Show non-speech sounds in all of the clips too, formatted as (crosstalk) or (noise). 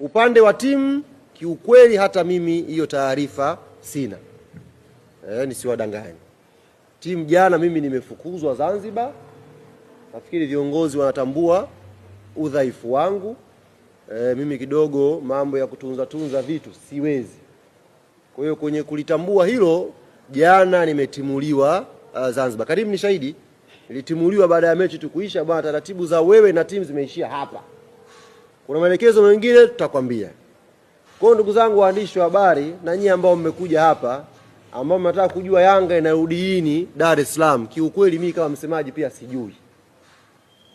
Upande wa timu kiukweli, hata mimi hiyo taarifa sina e, nisiwadanganye. Timu jana mimi nimefukuzwa Zanzibar, nafikiri viongozi wanatambua udhaifu wangu e, mimi kidogo mambo ya kutunza tunza vitu siwezi. Kwa hiyo kwenye kulitambua hilo, jana nimetimuliwa uh, Zanzibar. Karibu ni shahidi, nilitimuliwa baada ya mechi tukuisha, bwana, taratibu za wewe na timu zimeishia hapa. Kuna maelekezo mengine tutakwambia. Kwa ndugu zangu waandishi wa habari na nyie ambao mmekuja hapa ambao mnataka kujua Yanga inarudi lini Dar es Salaam, kiukweli mimi kama msemaji pia sijui.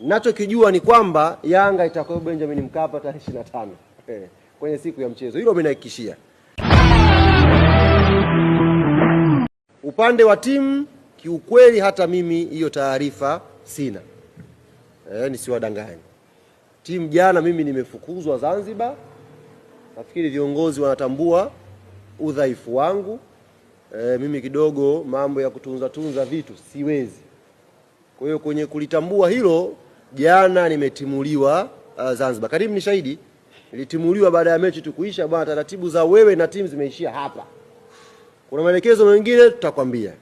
Ninachokijua ni kwamba Yanga itakuwa Benjamin Mkapa tarehe 25 eh, kwenye siku ya mchezo. Hilo mmenihakikishia. Upande wa timu kiukweli, hata mimi hiyo taarifa sina eh, nisiwadanganye timu jana, mimi nimefukuzwa Zanzibar. Nafikiri viongozi wanatambua udhaifu wangu. E, mimi kidogo mambo ya kutunza tunza vitu siwezi. Kwa hiyo kwenye kulitambua hilo, jana nimetimuliwa uh, Zanzibar. Karibu ni shahidi, nilitimuliwa baada ya mechi tu kuisha. Bwana, taratibu za wewe na timu zimeishia hapa, kuna maelekezo mengine tutakwambia.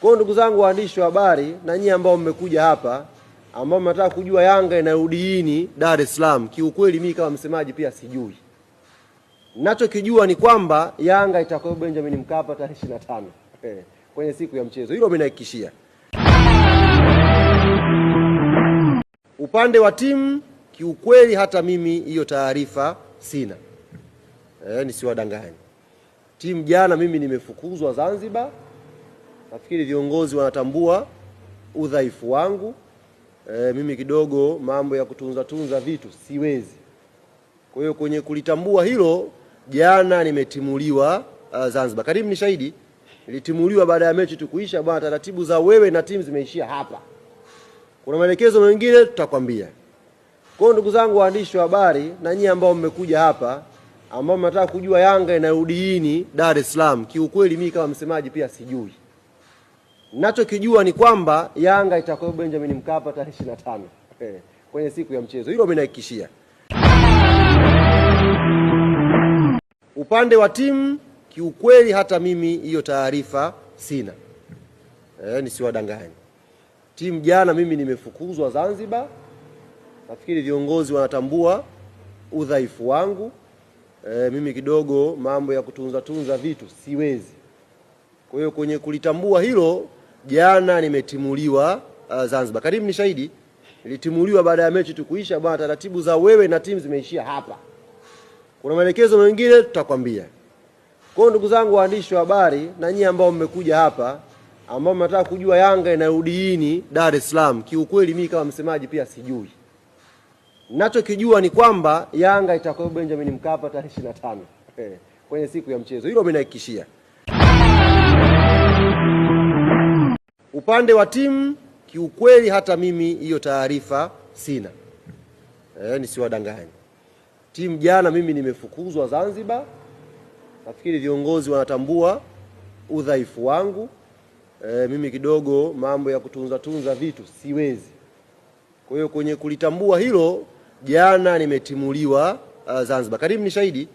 Kwa hiyo ndugu zangu waandishi wa habari na nyie ambao mmekuja hapa ambao mnataka kujua Yanga inarudi lini Dar es Salaam, kiukweli mimi kama msemaji pia sijui. Nachokijua ni kwamba Yanga itakuwa Benjamin Mkapa tarehe 25 (laughs) eh, kwenye siku ya mchezo, hilo mnahakikishia. Upande wa timu kiukweli, hata mimi hiyo taarifa sina ni eh, nisiwadanganye. Timu jana mimi nimefukuzwa Zanzibar, nafikiri viongozi wanatambua udhaifu wangu e, mimi kidogo mambo ya kutunza tunza vitu siwezi. Kwa hiyo kwenye kulitambua hilo, jana nimetimuliwa uh, Zanzibar. Karim ni shahidi, nilitimuliwa baada ya mechi tu kuisha, bwana, taratibu za wewe na timu zimeishia hapa, kuna maelekezo mengine tutakwambia. Kwa hiyo ndugu zangu waandishi wa habari na nyinyi ambao mmekuja hapa ambao mnataka kujua Yanga inarudi lini Dar es Salaam, kiukweli mimi kama msemaji pia sijui nachokijua ni kwamba Yanga itakuwa Benjamin Mkapa tarehe 25 eh, kwenye siku ya mchezo, hilo amenihakikishia. Upande wa timu kiukweli, hata mimi hiyo taarifa sina e, nisiwadanganye. Timu jana mimi nimefukuzwa Zanzibar, nafikiri viongozi wanatambua udhaifu wangu. E, mimi kidogo mambo ya kutunza tunza vitu siwezi, kwa hiyo kwenye kulitambua hilo jana nimetimuliwa uh, Zanzibar. Karibu ni shahidi, nilitimuliwa baada ya mechi tu kuisha. Bwana, taratibu za wewe na timu zimeishia hapa, kuna maelekezo mengine tutakwambia. Kwa ndugu zangu waandishi wa habari na nyie ambao mmekuja hapa ambao mnataka kujua Yanga inarudi lini Dar es Salaam, kiukweli mimi kama msemaji pia sijui. Nachokijua ni kwamba Yanga itakuwa Benjamin Mkapa tarehe 25 eh, kwenye siku ya mchezo, hilo mimi nahakikishia. Upande wa timu kiukweli, hata mimi hiyo taarifa sina e, eh, nisiwadanganye. Timu jana mimi nimefukuzwa Zanzibar, nafikiri viongozi wanatambua udhaifu wangu e, mimi kidogo mambo ya kutunza tunza vitu siwezi. Kwa hiyo kwenye kulitambua hilo, jana nimetimuliwa uh, Zanzibar. Karibu ni shahidi,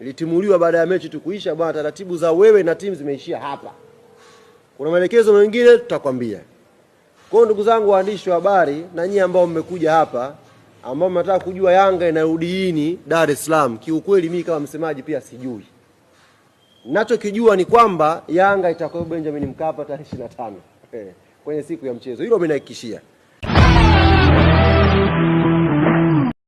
nilitimuliwa baada ya mechi tu kuisha, bwana, taratibu za wewe na timu zimeishia hapa. Kuna maelekezo mengine tutakwambia. Kwa ndugu zangu waandishi wa habari na nyinyi ambao mmekuja hapa ambao mnataka kujua Yanga inarudi lini Dar es Salaam, kiukweli mimi kama msemaji pia sijui. Ninachokijua ni kwamba Yanga itakuwa Benjamin Mkapa tarehe 25 eh, kwenye siku ya mchezo, hilo mimi nahakikishia.